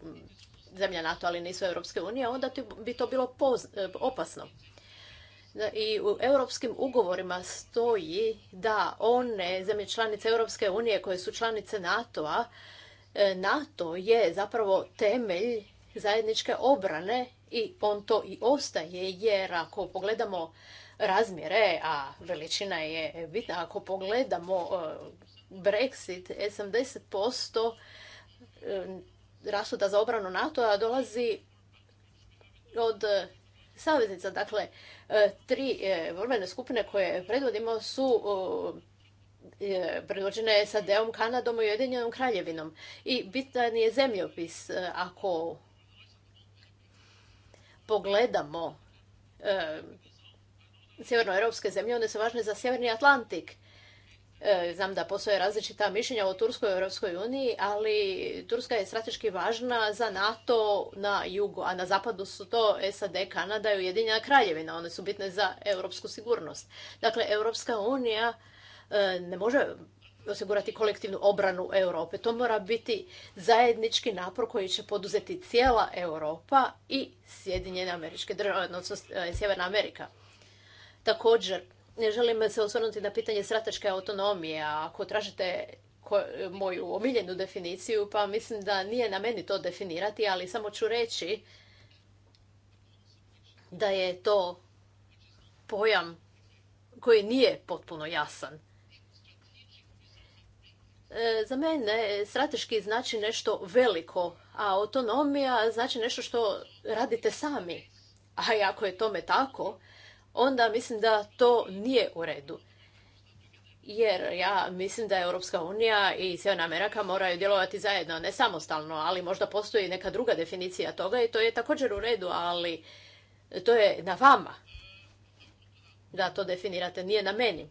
zemlja NATO, ali nisu Europske unije, onda bi to bilo e, opasno. I u europskim ugovorima stoji da one zemlje članice Europske unije koje su članice NATO-a, e, NATO je zapravo temelj zajedničke obrane i on to i ostaje, jer ako pogledamo razmjere, a veličina je bitna. Ako pogledamo e, Brexit, 70% e, rasuda za obranu NATO-a dolazi od saveznica. Dakle, e, tri vojne skupine koje predvodimo su predvođene SAD-om, Kanadom i Ujedinjenom kraljevinom. I bitan je zemljopis ako pogledamo sjevernoeuropske zemlje, one su važne za Sjeverni Atlantik. E, znam da postoje različita mišljenja o Turskoj i Europskoj uniji, ali Turska je strateški važna za NATO na jugu, a na zapadu su to SAD, Kanada i Ujedinjena kraljevina. One su bitne za europsku sigurnost. Dakle, Europska unija e, ne može osigurati kolektivnu obranu Europe. To mora biti zajednički napor koji će poduzeti cijela Europa i Sjedinjene američke države, odnosno e, Sjeverna Amerika. Također, želim se osvrnuti na pitanje strateške autonomije. A ako tražite moju omiljenu definiciju, pa mislim da nije na meni to definirati, ali samo ću reći da je to pojam koji nije potpuno jasan. E, za mene strateški znači nešto veliko, a autonomija znači nešto što radite sami. A ako je tome tako, onda mislim da to nije u redu. Jer ja mislim da je Europska unija i Sjeverna Amerika moraju djelovati zajedno, ne samostalno, ali možda postoji neka druga definicija toga i to je također u redu, ali to je na vama da to definirate, nije na meni.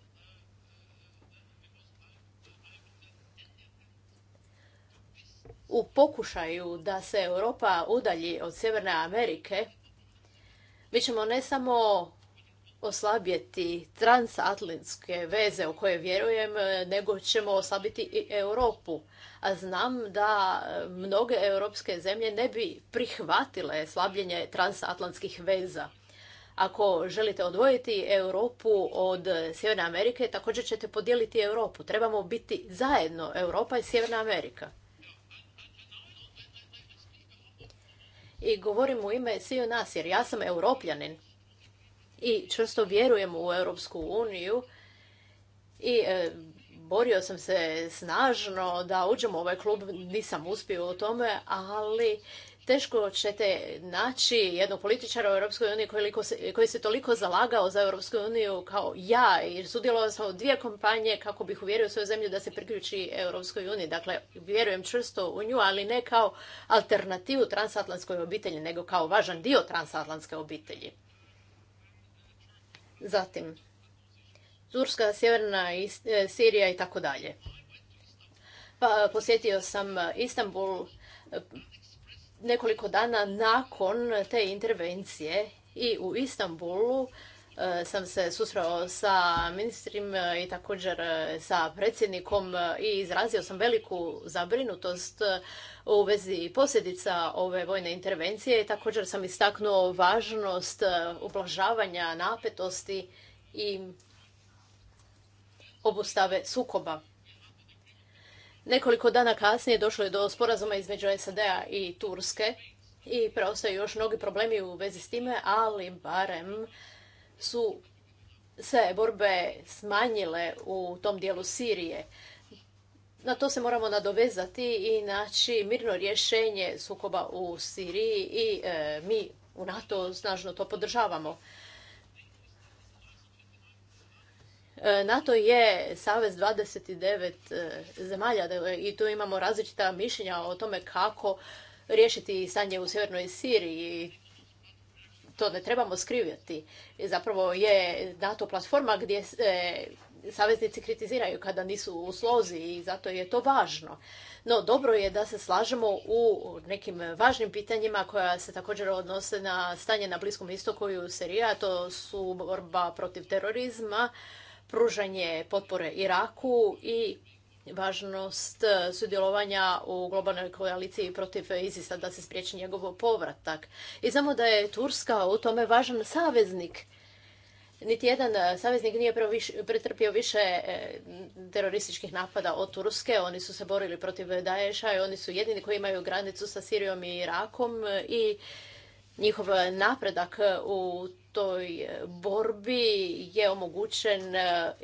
U pokušaju da se Europa udalji od Sjeverne Amerike, mi ćemo ne samo oslabjeti transatlantske veze u koje vjerujem, e, nego ćemo oslabiti i Europu. A znam da e, mnoge europske zemlje ne bi prihvatile slabljenje transatlantskih veza. Ako želite odvojiti Europu od Sjeverne Amerike, također ćete podijeliti Europu. Trebamo biti zajedno Europa i Sjeverna Amerika. I govorim u ime sviju nas, jer ja sam europljanin i čvrsto vjerujem u Europsku uniju i e, borio sam se snažno da uđem u ovaj klub, nisam uspio u tome, ali teško ćete naći jednog političara u Europskoj uniji koji se toliko zalagao za Europsku uniju kao ja, jer sudjelovao sam u dvije kompanije kako bih uvjerio svoju zemlju da se priključi Europskoj uniji. Dakle, vjerujem čvrsto u nju, ali ne kao alternativu transatlantskoj obitelji, nego kao važan dio transatlantske obitelji. Zatim, Turska, Sjeverna e, Sirija i tako dalje. Pa posjetio sam Istanbul e, nekoliko dana nakon te intervencije i u Istanbulu E, sam se susreo sa ministrim e, i također e, sa predsjednikom i izrazio sam veliku zabrinutost u vezi posljedica ove vojne intervencije. Također sam istaknuo važnost ublažavanja napetosti i obustave sukoba. Nekoliko dana kasnije došlo je do sporazuma između SAD-a i Turske i preostaju još mnogi problemi u vezi s time, ali barem su se borbe smanjile u tom dijelu Sirije. Na to se moramo nadovezati i naći mirno rješenje sukoba u Siriji i e, mi u NATO snažno to podržavamo. E, NATO je savez 29 e, zemalja i tu imamo različita mišljenja o tome kako riješiti stanje u sjevernoj Siriji to ne trebamo skrivati. Zapravo je NATO platforma gdje se saveznici kritiziraju kada nisu u slozi i zato je to važno. No dobro je da se slažemo u nekim važnim pitanjima koja se također odnose na stanje na Bliskom istoku i u a to su borba protiv terorizma, pružanje potpore Iraku i važnost e, sudjelovanja u globalnoj koaliciji protiv Izista da se spriječi njegov povratak. I znamo da je Turska u tome važan saveznik. Niti jedan e, saveznik nije pretrpio više e, terorističkih napada od Turske. Oni su se borili protiv Daesha i oni su jedini koji imaju granicu sa Sirijom i Irakom i njihov napredak u toj borbi je omogućen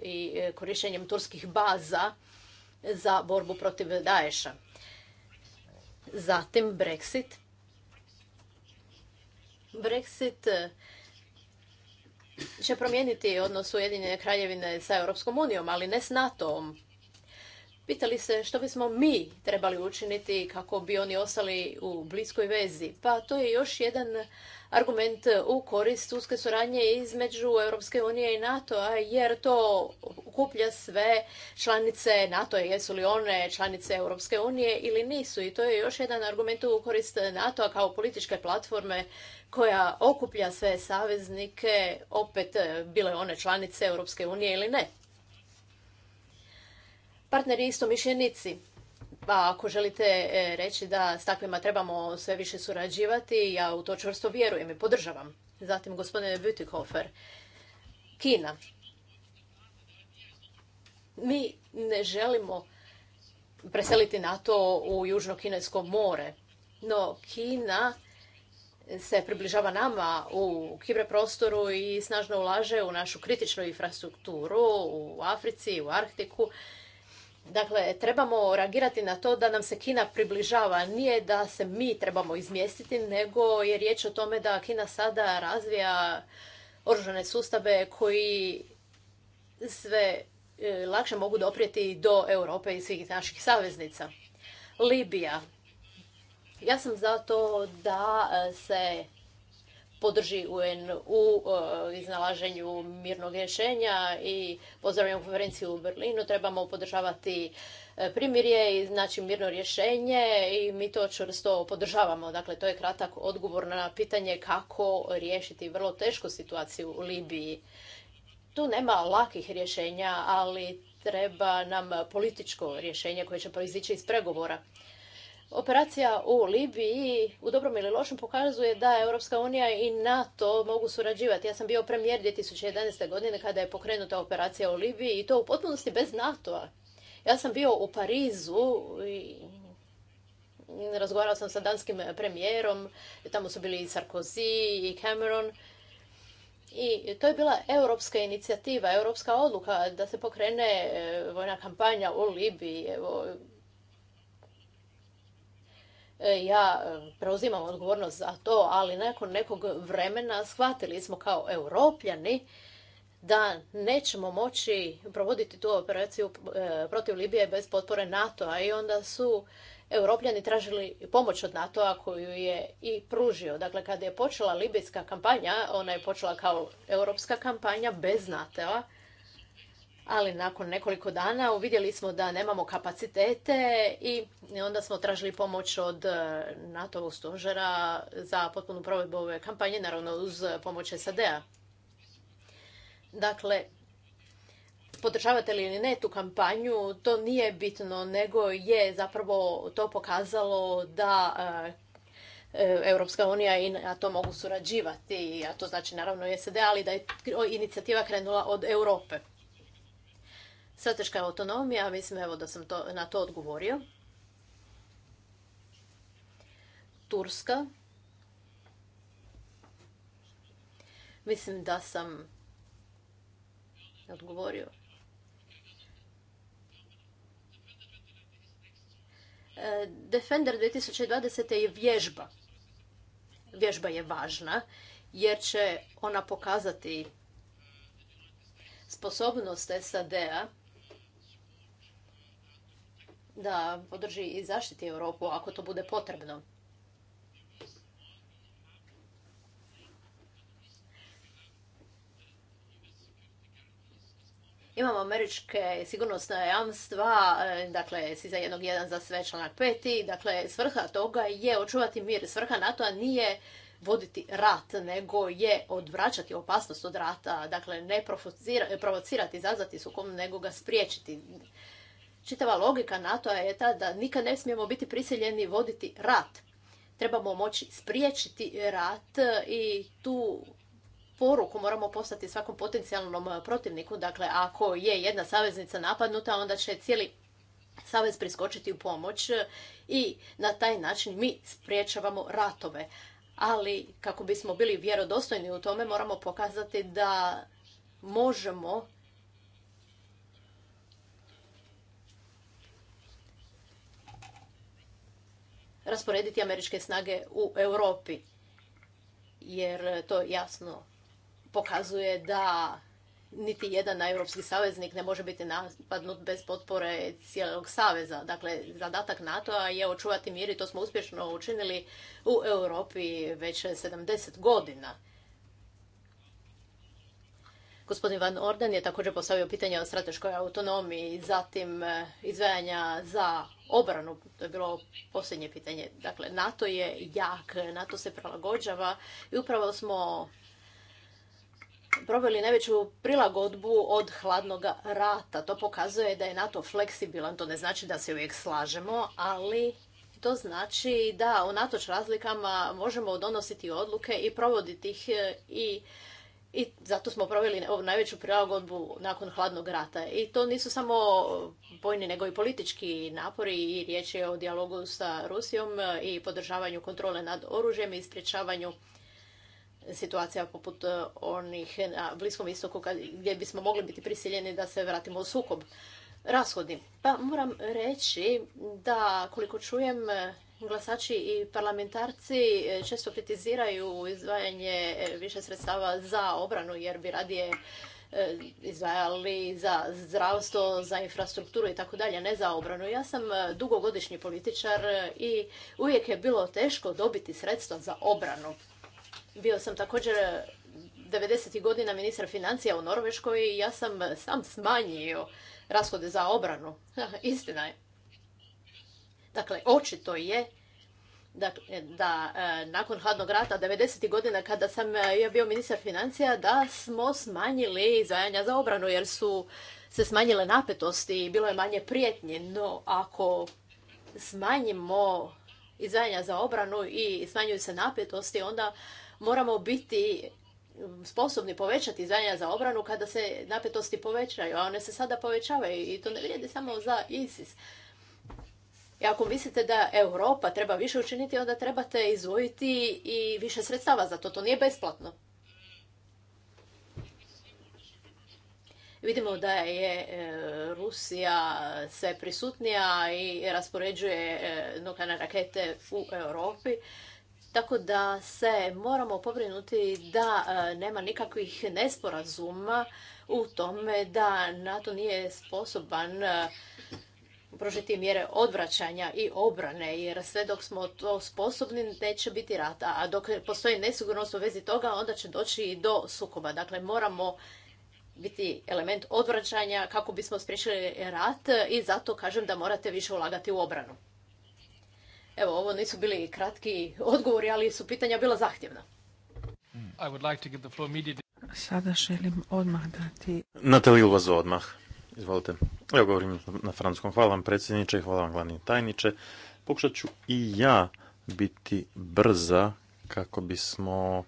i korištenjem turskih baza za borbu protiv Daesha. Zatim Brexit. Brexit eh, će promijeniti odnos Ujedinjene kraljevine sa Europskom unijom, ali ne s NATO-om pitali se što bismo mi trebali učiniti kako bi oni ostali u bliskoj vezi. Pa to je još jedan argument u korist uske suradnje između Europske unije i NATO-a, jer to ukuplja sve članice NATO-a, jesu li one članice Europske unije ili nisu. I to je još jedan argument u korist NATO-a kao političke platforme koja okuplja sve saveznike, opet bile one članice Europske unije ili ne partneri isto mišljenici. Pa ako želite e, reći da s takvima trebamo sve više surađivati, ja u to čvrsto vjerujem i podržavam. Zatim gospodine Butikofer Kina. Mi ne želimo preseliti NATO u Južno-Kinesko more, no Kina se približava nama u Kibre prostoru i snažno ulaže u našu kritičnu infrastrukturu u Africi, u Arktiku Dakle, trebamo reagirati na to da nam se Kina približava. Nije da se mi trebamo izmjestiti, nego je riječ o tome da Kina sada razvija oružane sustave koji sve e, lakše mogu doprijeti do Europe i svih naših saveznica. Libija. Ja sam za to da e, se podrži UN u e, iznalaženju mirnog rješenja i pozdravljam konferenciju u Berlinu. Trebamo podržavati e, primirje i znači mirno rješenje i mi to čvrsto podržavamo. Dakle, to je kratak odgovor na pitanje kako riješiti vrlo tešku situaciju u Libiji. Tu nema lakih rješenja, ali treba nam političko rješenje koje će proizići iz pregovora. Operacija u Libiji u dobrom ili lošem pokazuje da Europska unija i NATO mogu surađivati. Ja sam bio premijer 2011. godine kada je pokrenuta operacija u Libiji i to u potpunosti bez NATO-a. Ja sam bio u Parizu i razgovarao sam sa danskim premijerom, tamo su bili i Sarkozy i Cameron. I to je bila europska inicijativa, europska odluka da se pokrene e, vojna kampanja u Libiji. Evo, E, ja e, preuzimam odgovornost za to, ali nakon nekog vremena shvatili smo kao europljani da nećemo moći provoditi tu operaciju e, protiv Libije bez potpore NATO-a i onda su europljani tražili pomoć od NATO-a koju je i pružio. Dakle, kad je počela libijska kampanja, ona je počela kao europska kampanja bez NATO-a ali nakon nekoliko dana uvidjeli smo da nemamo kapacitete i onda smo tražili pomoć od e, nato stožera za potpunu provedbu ove kampanje, naravno uz pomoć SAD-a. Dakle, podržavate li ili ne tu kampanju, to nije bitno, nego je zapravo to pokazalo da e, e, Europska unija i to mogu surađivati, a to znači naravno i SAD, ali da je inicijativa krenula od Europe. Strateška autonomija, mislim evo da sam to, na to odgovorio. Turska. Mislim da sam odgovorio. E, Defender 2020. je vježba. Vježba je važna jer će ona pokazati sposobnost SAD-a da podrži i zaštiti Europu ako to bude potrebno. Imamo američke sigurnosne jamstva, e, dakle si za jednog jedan za sve članak peti. Dakle, svrha toga je očuvati mir. Svrha NATO-a nije voditi rat, nego je odvraćati opasnost od rata. Dakle, ne provocirati, izazvati sukom, nego ga spriječiti. Čitava logika nato je ta da nikad ne smijemo biti prisiljeni voditi rat. Trebamo moći spriječiti rat i tu poruku moramo postati svakom potencijalnom protivniku. Dakle, ako je jedna saveznica napadnuta, onda će cijeli savez priskočiti u pomoć i na taj način mi spriječavamo ratove. Ali kako bismo bili vjerodostojni u tome, moramo pokazati da možemo rasporediti američke snage u Europi. Jer to jasno pokazuje da niti jedan europski saveznik ne može biti napadnut bez potpore cijelog saveza. Dakle, zadatak NATO-a je očuvati mir i to smo uspješno učinili u Europi već 70 godina. Gospodin Van Orden je također postavio pitanje o strateškoj autonomiji, zatim eh, izvajanja za obranu, to je bilo posljednje pitanje. Dakle, NATO je jak, NATO se prilagođava i upravo smo proveli najveću prilagodbu od hladnog rata. To pokazuje da je NATO fleksibilan, to ne znači da se uvijek slažemo, ali to znači da unatoč razlikama možemo donositi odluke i provoditi ih e, i i zato smo proveli ovu najveću prilagodbu nakon hladnog rata. I to nisu samo vojni nego i politički napori i riječ je o dijalogu sa Rusijom i podržavanju kontrole nad oružjem i sprječavanju situacija poput e, onih na Bliskom istoku gdje bismo mogli biti prisiljeni da se vratimo u sukob. Rashodi. Pa moram reći da koliko čujem glasači i parlamentarci e, često kritiziraju izdvajanje e, više sredstava za obranu jer bi radije e, izdvajali za zdravstvo, za infrastrukturu i tako dalje, ne za obranu. Ja sam dugogodišnji političar i uvijek je bilo teško dobiti sredstva za obranu. Bio sam također 90. godina ministar financija u Norveškoj i ja sam sam smanjio rashode za obranu. Istina je. Dakle, očito je da e, nakon hladnog rata 90. godina kada sam e, ja bio ministar financija da smo smanjili izdvajanja za obranu jer su se smanjile napetosti i bilo je manje prijetnje. No ako smanjimo izdvajanja za obranu i smanjuju se napetosti onda moramo biti sposobni povećati izdvajanja za obranu kada se napetosti povećaju, a one se sada povećavaju i to ne vrijedi samo za ISIS. I ako mislite da Europa treba više učiniti, onda trebate izvojiti i više sredstava za to. To nije besplatno. Vidimo da je e, Rusija sve prisutnija i raspoređuje e, nuklearne rakete u Europi. Tako da se moramo pobrinuti da e, nema nikakvih nesporazuma u tome da NATO nije sposoban pružiti mjere odvraćanja i obrane, jer sve dok smo to sposobni neće biti rata, a dok postoji nesigurnost u vezi toga, onda će doći i do sukoba. Dakle, moramo biti element odvraćanja kako bismo spriječili rat i zato kažem da morate više ulagati u obranu. Evo, ovo nisu bili kratki odgovori, ali su pitanja bila zahtjevna. Sada želim vas odmah. Izvolite. Evo govorim na francuskom. Hvala vam predsjedniče, hvala vam glavni tajniče. Pokušat ću i ja biti brza kako bismo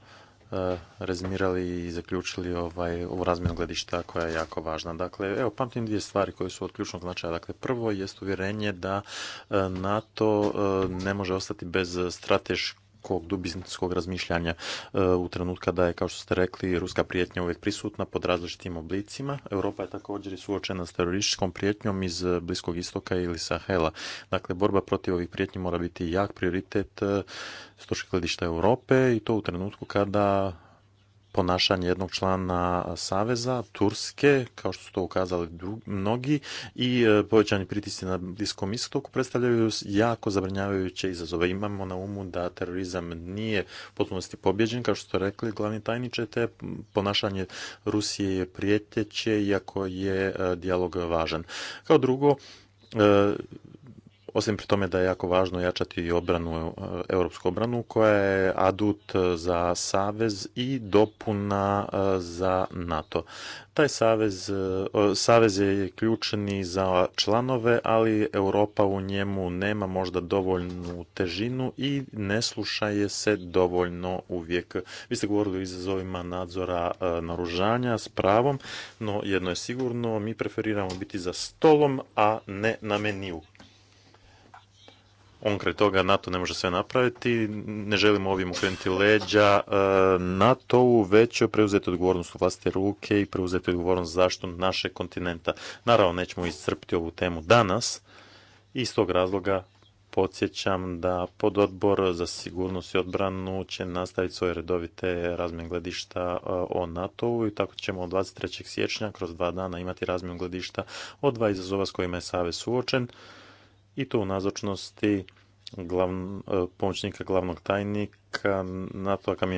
e, rezimirali i zaključili ovaj, ovu razmjenu gledišta koja je jako važna. Dakle, evo, pamtim dvije stvari koje su od ključnog značaja. Dakle, prvo jest uvjerenje da e, NATO e, ne može ostati bez strateškog kog dubinskog razmišljanja e, u trenutku kada je, kao što ste rekli, ruska prijetnja uvijek prisutna pod različitim oblicima. Europa je također i suočena s terorističkom prijetnjom iz Bliskog istoka ili Sahela. Dakle, borba protiv ovih prijetnji mora biti jak prioritet e, s gledišta Europe i to u trenutku kada ponašanje jednog člana Saveza, Turske, kao što su to ukazali mnogi, i e, povećani pritisci na Bliskom istoku predstavljaju jako zabrinjavajuće izazove. Imamo na umu da terorizam nije potpunosti pobjeđen, kao što ste rekli glavni tajniče, te ponašanje Rusije je prijeteće, iako je e, dijalog važan. Kao drugo, e, osim pri tome da je jako važno jačati i obranu, e, europsku obranu koja je adut za savez i dopuna e, za NATO. Taj savez, e, savez je ključni za članove, ali Europa u njemu nema možda dovoljnu težinu i ne slušaje se dovoljno uvijek. Vi ste govorili o izazovima nadzora naružanja s pravom, no jedno je sigurno, mi preferiramo biti za stolom, a ne na meniju on kraj toga NATO ne može sve napraviti, ne želimo ovim ukrenuti leđa e, NATO-u, već preuzeti odgovornost u vlastite ruke i preuzeti odgovornost zaštitu našeg kontinenta. Naravno, nećemo iscrpiti ovu temu danas, iz tog razloga podsjećam da pododbor za sigurnost i odbranu će nastaviti svoje redovite razmjene gledišta e, o NATO-u i tako ćemo od 23. siječnja kroz dva dana imati razmjenu gledišta o dva izazova s kojima je Savez suočen i to u nazočnosti e, pomoćnika glavnog tajnika NATO-a